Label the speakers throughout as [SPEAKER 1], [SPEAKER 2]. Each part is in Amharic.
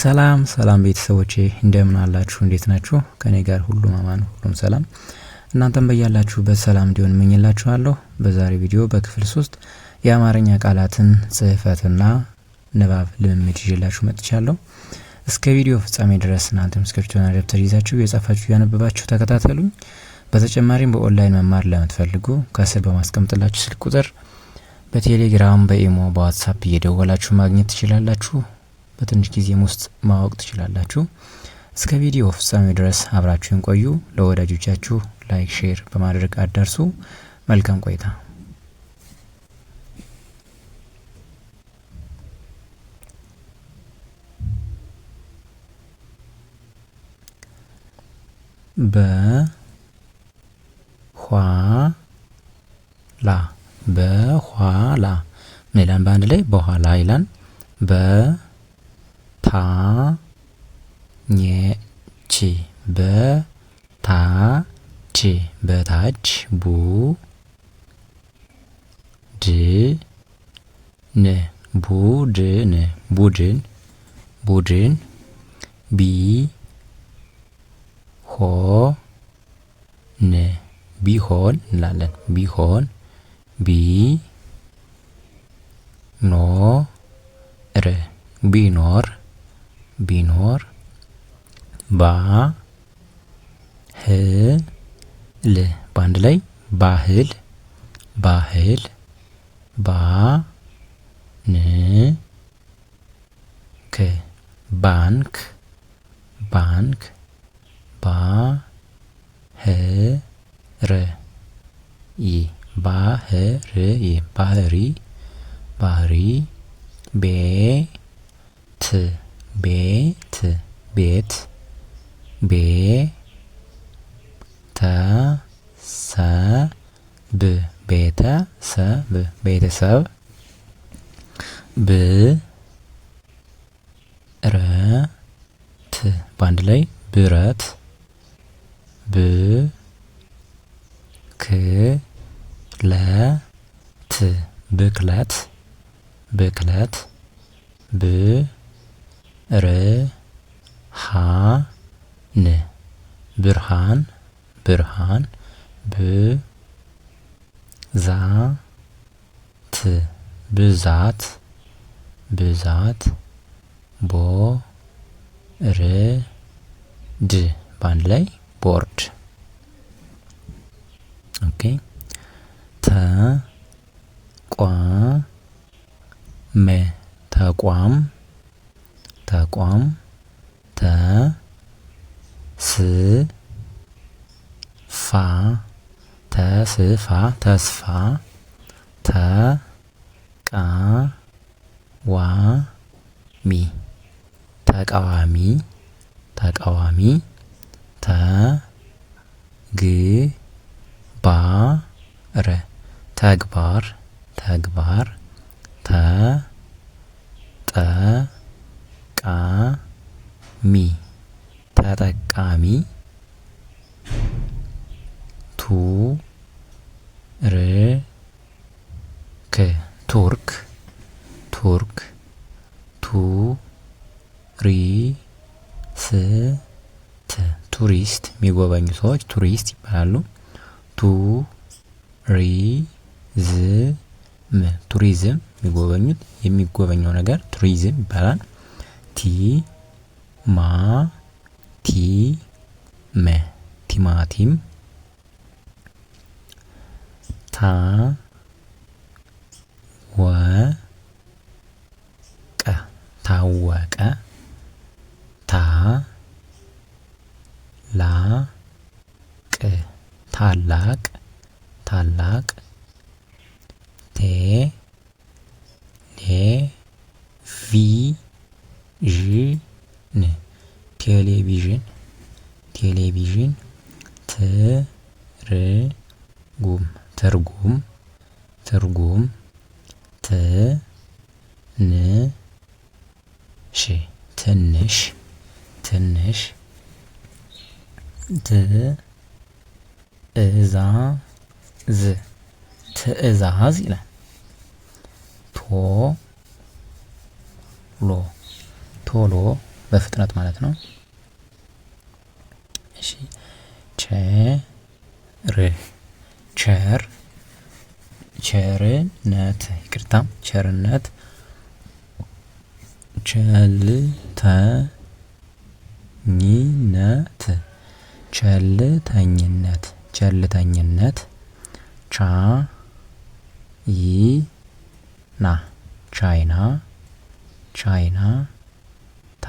[SPEAKER 1] ሰላም ሰላም ቤተሰቦቼ እንደምን አላችሁ? እንዴት ናችሁ? ከኔ ጋር ሁሉም አማን ሁሉም ሰላም፣ እናንተም በያላችሁበት ሰላም እንዲሆን እመኝላችኋለሁ። በዛሬ ቪዲዮ በክፍል ሶስት የአማርኛ ቃላትን ጽህፈትና ንባብ ልምምድ ይዤላችሁ መጥቻለሁ። እስከ ቪዲዮ ፍጻሜ ድረስ እናንተም እስክሪብቶና ደብተር ይዛችሁ የጻፋችሁ እያነበባችሁ ተከታተሉኝ። በተጨማሪም በኦንላይን መማር ለምትፈልጉ ከስር በማስቀምጥላችሁ ስልክ ቁጥር በቴሌግራም በኢሞ በዋትሳፕ እየደወላችሁ ማግኘት ትችላላችሁ። በትንሽ ጊዜም ውስጥ ማወቅ ትችላላችሁ። እስከ ቪዲዮ ፍጻሜ ድረስ አብራችሁን ቆዩ። ለወዳጆቻችሁ ላይክ፣ ሼር በማድረግ አዳርሱ። መልካም ቆይታ። በኋላ በኋላ ምን በአንድ ላይ በኋላ ይላል። በ ታኘቺ በታች በታች ቡ ድ ን ቡድን ቡድን ቡድን ቢሆን እንላለን ር ቢኖር ቢኖር ባ ህ ል በአንድ ላይ ባህል ባህል ባ ን ክ ባንክ ባንክ ባ ህ ር ይ ባህር ይ ባህሪ ባህሪ ቤ ቤት ቤት ቤ ተ ቤተሰብ ብ በአንድ ላይ ብረት ብ ብክለት ብክለት ብ ብርሃን ብርሃን ብርሃን ብዛት ብዛት ብዛት ቦርድ በአንድ ላይ ቦርድ። ኦኬ ተቋም ተቋም ተቋም ተ ስ ፋ ተስፋ ተስፋ ተ ቃ ዋ ሚ ተቃዋሚ ተቃዋሚ ተ ግ ባ ር ተግባር ተግባር ት ቱሪስት የሚጎበኙ ሰዎች ቱሪስት ይባላሉ። ም ቱሪዝም የሚጎበኙት የሚጎበኘው ነገር ቱሪዝም ይባላል። ቲ ማ ቲ መ ቲማቲም ታ Televizyon. Televizyon. Televizyon. Tergum. Tergum. Tergum. Te. Ne. Şey. Tenneş. Tenneş. Te. Eza. Z. Teezaz ile. To. ሎ ቶሎ በፍጥነት ማለት ነው። እሺ ቸር ቸር ቸርነት ይቅርታ፣ ቸርነት ቸልተኝነት ቸልተኝነት ቸልተኝነት ቻ ይ ና ቻይና ቻይና ታ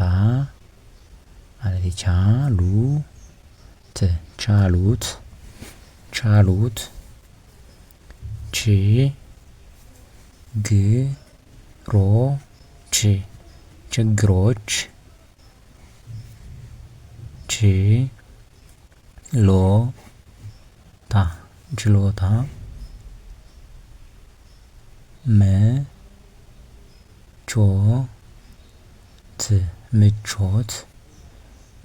[SPEAKER 1] ማለት ቻሉ ት ቻሉት ቻሉት ች ግ ሮ ች ችግሮች ች ሎ ታ ችሎታ መ ምቾት ምቾት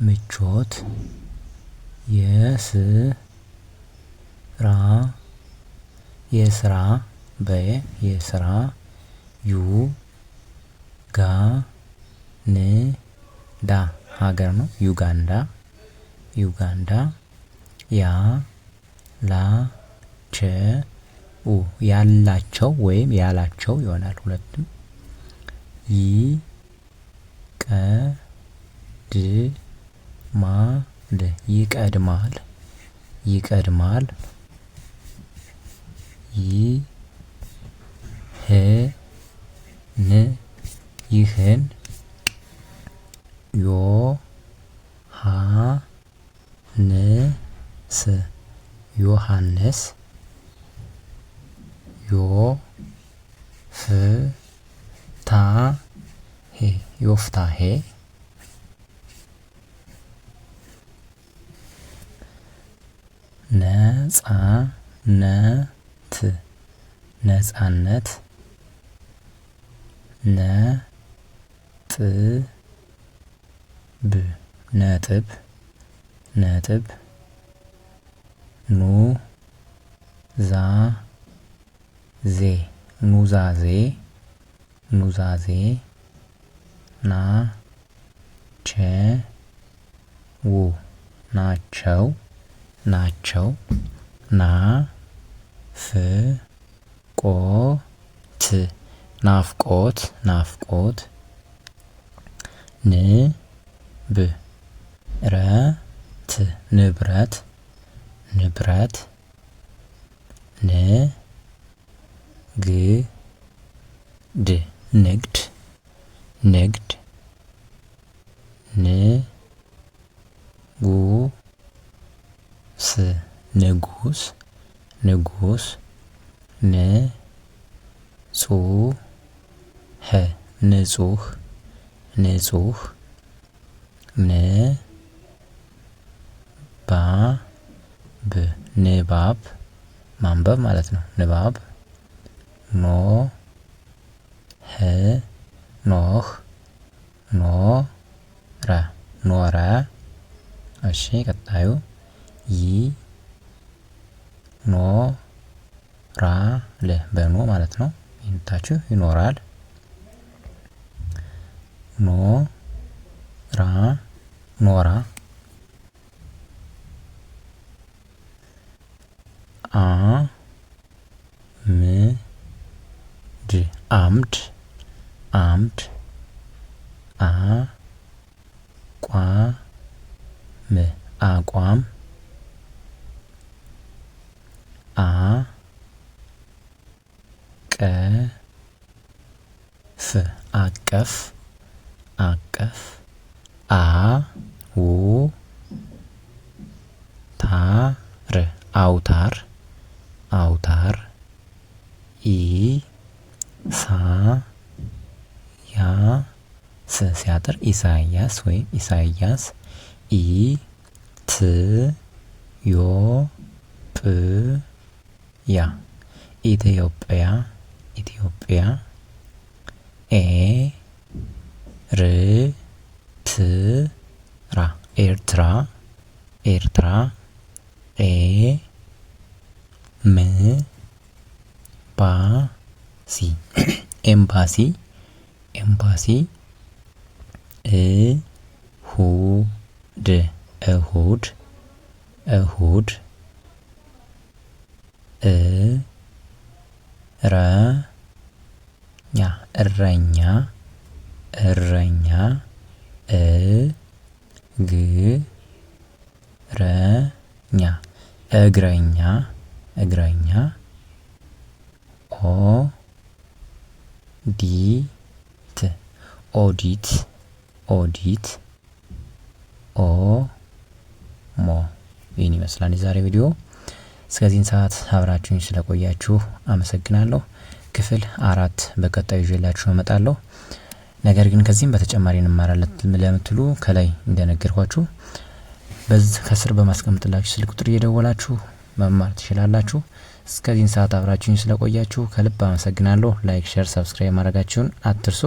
[SPEAKER 1] ምቾት የስራ የስራ በየ የስራ ዩ ጋ ን ዳ ሀገር ነው ዩጋንዳ ዩጋንዳ ያ ላ ቸ ያላቸው ወይም ያላቸው ይሆናል ሁለቱም ይቀድማል ይቀድማል ይቀድማል ይህን ይህን ዮሐንስ ዮሐንስ ዮፍ ዮፍታሄ ዮፍታሄ ነጻነት ነጻነት ነጥብ ነጥብ ነጥብ ኑ ዛ ዜ ኑዛዜ nuzazi na če u na čau na čau na f ko na t navkot navkot n b ne, t nebret nebret ne g d ንግድ ንግድ ንጉስ ንጉስ ንጉስ ንጹህ ንጹህ ንጹህ ንባብ ንባብ ማንበብ ማለት ነው። ንባብ ኖ ሄኖህ ኖረ ኖረ። እሺ ቀጣዩ ይ ኖራል በኖ ማለት ነው። ይንታችሁ ይኖራል። ኖ ራ ኖራ አ ም ድ አምድ አምድ አ ቋ ም አቋም አ ቀ ፍ አቀፍ አቀፍ አ ው አቆጣጠር ኢሳያስ ወይም ኢሳያስ ኢ ት ዮ ጵ ያ ኢትዮጵያ ኢትዮጵያ ኤ ር ት ራ ኤርትራ ኤርትራ ኤ ም ባ ሲ ኤምባሲ ኤምባሲ እሁድ እሁድ እሁድ እረኛ እረኛ እረኛ እግረኛ እግረኛ እግረኛ ኦዲት ኦዲት ኦዲት ኦ ሞ ይህን ይመስላል የዛሬ ቪዲዮ። እስከዚህን ሰዓት አብራችሁኝ ስለቆያችሁ አመሰግናለሁ። ክፍል አራት በቀጣዩ ይዤላችሁ እመጣለሁ። ነገር ግን ከዚህም በተጨማሪ እንማራለን ለምትሉ ከላይ እንደነገርኳችሁ በዚህ ከስር በማስቀምጥላችሁ ስልክ ቁጥር እየደወላችሁ መማር ትችላላችሁ። እስከዚህን ሰዓት አብራችሁኝ ስለቆያችሁ ከልብ አመሰግናለሁ። ላይክ፣ ሼር፣ ሰብስክራይብ ማድረጋችሁን አትርሱ።